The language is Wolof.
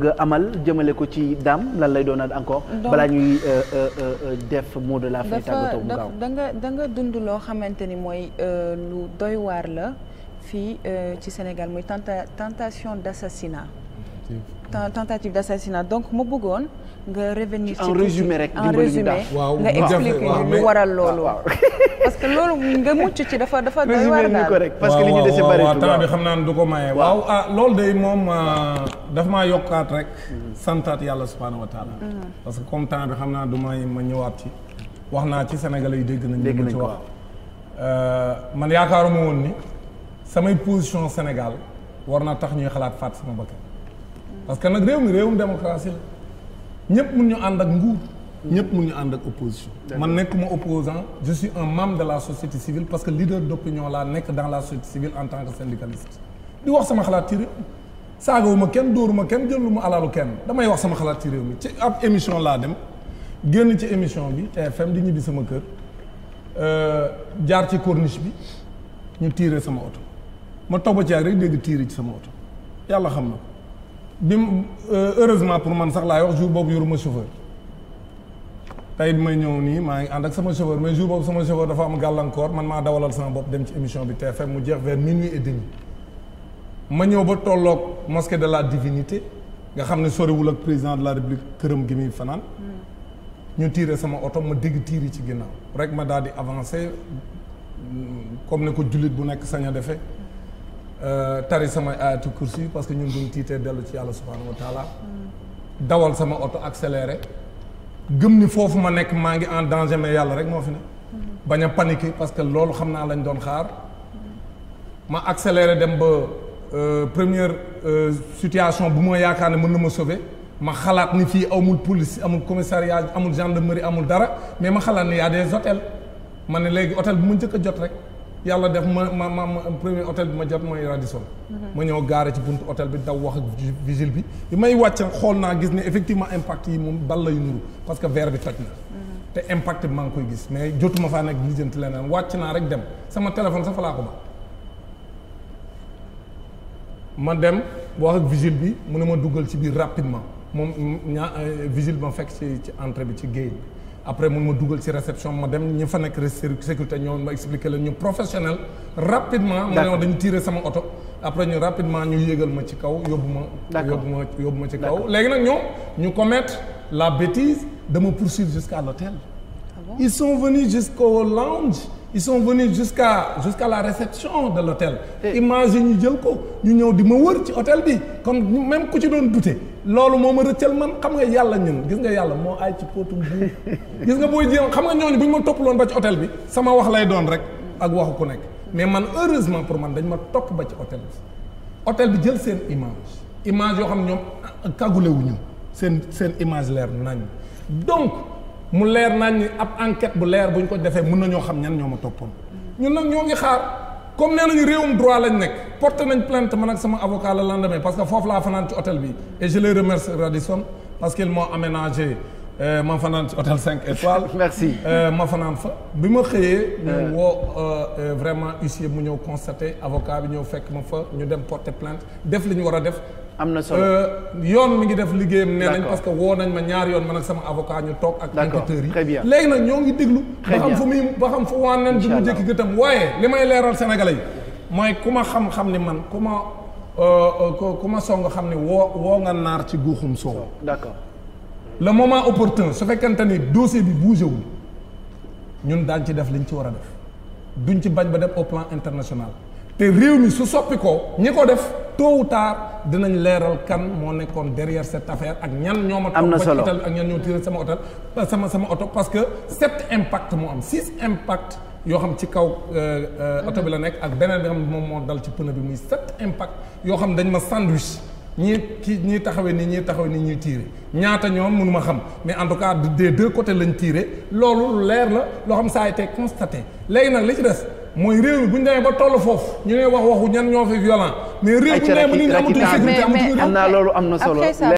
nga amal jëmale ko ci daam lan lay doonaat encore. balaa ñuy euh, euh, euh, def mot de la fin tàggatoo bu gaaw da nga da nga dund loo xamante ni mooy lu doy waar la fii ci Sénégal muy tenta tentation d' assassinat. tentative d'assassinat donc ma bëggoon nga revenir ci en résumé rek en résumé nga expliqué ñu lu waral loolu ah, parce que loolu nga mucc ci dafa dafa doy war daal parce que xam naa ne du ko waaw ah moom ah, daf maa yokkaat rek santaat yàlla subhaanahu mm-hmm. parce que comme temps bi xam naa du may ma ñëwaat ci wax naa ci Sénégalais yi dégg nañ li ma ci wax euh, man yaakaaruma woon ni samay position Sénégal war na tax ñuy xalaat faat sama bakkan parce que nag réew mi réewum démocratie la ñëpp mun ñu ànd ak nguur. ñëpp mun ñu ànd ak opposition. man nekkuma opposant je suis un membre de la société civile parce que leader d'opinion laa nekk dans la société civile en tant que syndicaliste. di wax sama xalaat ci réew mi saagawuma kenn dóoruma kenn jëluma alalu kenn damay wax sama xalaat ci réew mi ci ab émission laa dem génn ci émission bi TFM di ñibbi sama kër euh, jaar ci corniche bi ñu tiire sama oto ma toog ba ci rek tiire ci sama oto yàlla xam na. bi mu euh, heureusement pour man sax laay wax jour boobu yoruma chauffeur tey bi may ñëw nii maa ngi ànd ak sama chauffeur mais jour boobu sama chauffeur dafa am gàllankoor man maa dawalal sama bopp dem ci émission bi TFM mu jeex vers minuit et demi ma ñëw ba tolloog mosquée de la divinité nga xam ne soriwul ak président de la république këram gi muy fanaan ñu tiire sama oto ma dégg tiir yi ci ginnaaw rek ma daal di avancé mm, comme ne ko jullit bu nekk sañ defee Euh, tari samay ayatu kursi parce que ñun duñ tiitee dellu ci yàlla subhanahu wa taala dawal sama oto accéléré gëm ni foofu ma nekk maa ngi en danger mais yàlla rek moo fi ne bañ a paniquer parce que loolu xam naa lañ doon xaar ma accéléré dem ba euh, première euh, situation bu ma yaakaar ne mën na ma sauver ma xalaat ni fii amul police amul commissariat amul gendarmerie amul dara mais ma xalaat ni y a des hôtels ma ne léegi hôtel bu ma njëkk a jot rek yàlla def ma ma ma premier hôtel bi ma jot mooy Radisson. Mhm. ma ñëw gaare ci bunt hôtel bi daw wax ak vigile bi bi may wàcc xool naa gis ne effectivement impact yi moom bal lay nuru parce que verre bi toj na. Mhm. te impact bi maa ngi koy gis mais jotuma faa nekk lijjanti leneen wàcc naa rek dem sama téléphone sax fa dem wax vigile bi mu ne ma duggal ci biir rapidement moom ñaa vigile ma fekk ci ci entrée bi ci géej bi. après mun ma dugal ci réception ma dem ñi fa nekk sécurité ñoo ma expliqué leen ñu professionnel rapidement mu ne woon dañu tiire sama oto après ñu rapidement ñu yéegal ma ci kaw yóbbu ma yóbbu ma yóbbu ci kaw léegi nag ñoom ñu commettre la bêtise de me poursuivre jusqu'à l'hôtel bon? Ils sont venus jusqu'au lounge. ils sont venus jusqu'à jusqu'à la réception de l'hôtel yi ñu jël ko ñu ñëw di ma wër ci hôtel bi kon même ku ci doon douter loolu moo ma rëccal man xam nga yàlla ñun gis nga yàlla moo aay ci póotum buur gis nga booy jéem xam nga ñooñu bu ñu ma toppaloon ba ci hôtel bi sama wax lay doon rek ak waxu ku nekk mais man heureusement pour man dañ ma topp ba ci hôtel bi hôtel bi jël seen image image yoo xam ñoom kagulewuñu seen seen image leer nañ donc mu leer nañ ni ab enquête bu leer bu ñu ko defee mun na ñoo xam ñan ñoo ma toppoon ñun nag ñoo ngi xaar comme nee nañu réewum droit lañu nekk porte nañ plainte man ak sama avocat le lendemain parce que foofu laa fanaan ci hôtel bi et je les remercie Radisson parce qu'ils m'ont aménagé euh, ma fanaan ci hôtel 5 étoiles. Euh, ma fanaan fa bi ma xëyee. ñu euh. woo vraiment huissier mu ñëw constaté avocat bi ñëw fekk ma fa ñu dem porté plainte def li ñu war a def. am na solo euh, yoon mi ngi def liggéeyam nee nañ parce que woo nañ ma ñaar yoon man ak sama avocat ñu toog ak enquêteurs yi léegi nag ñoo ngi déglu ba xam fu muy ba xam fu wànneen du mu jékki gëtam waaye li may leeral sénégalais yi mooy ku ma xam-xam ni man ku ma euh, euh, ku ma song xam ni woo woo nga naar ci guuxum soow d'accord le moment opportun su fekkente ni dossier bi bougé wul ñun daañ ci def liñ ci war a def duñ ci bañ ba def au plan international te réew mi su soppi ko ñi ko def tôt ou dinañ leeral kan moo nekkoon derrière cette affaire ak ñan ñoo ma. am na solo ak ñan ñoo tiiral sama oto sama sama oto parce que sept impact moo am six impact yoo xam ci kaw euh, euh, oto bi la nekk ak beneen bi xam moom moo dal ci pneu bi muy sept impact yoo xam dañ ma sandwich. ñii kii ñii taxawee nii ñii taxawee nii ñuy tiire ñaata ñoom mënu ma xam mais en tout cas des deux côtés lañ tiire loolu leer la loo xam ça a été constaté léegi nag li ci des mooy réew mi bu ñu demee ba toll foofu ñu ne wax waxu ñan ñoo fi violent mais réew bu ñu demee ba nit ñi amatul sécurité amatul am na loolu am na solo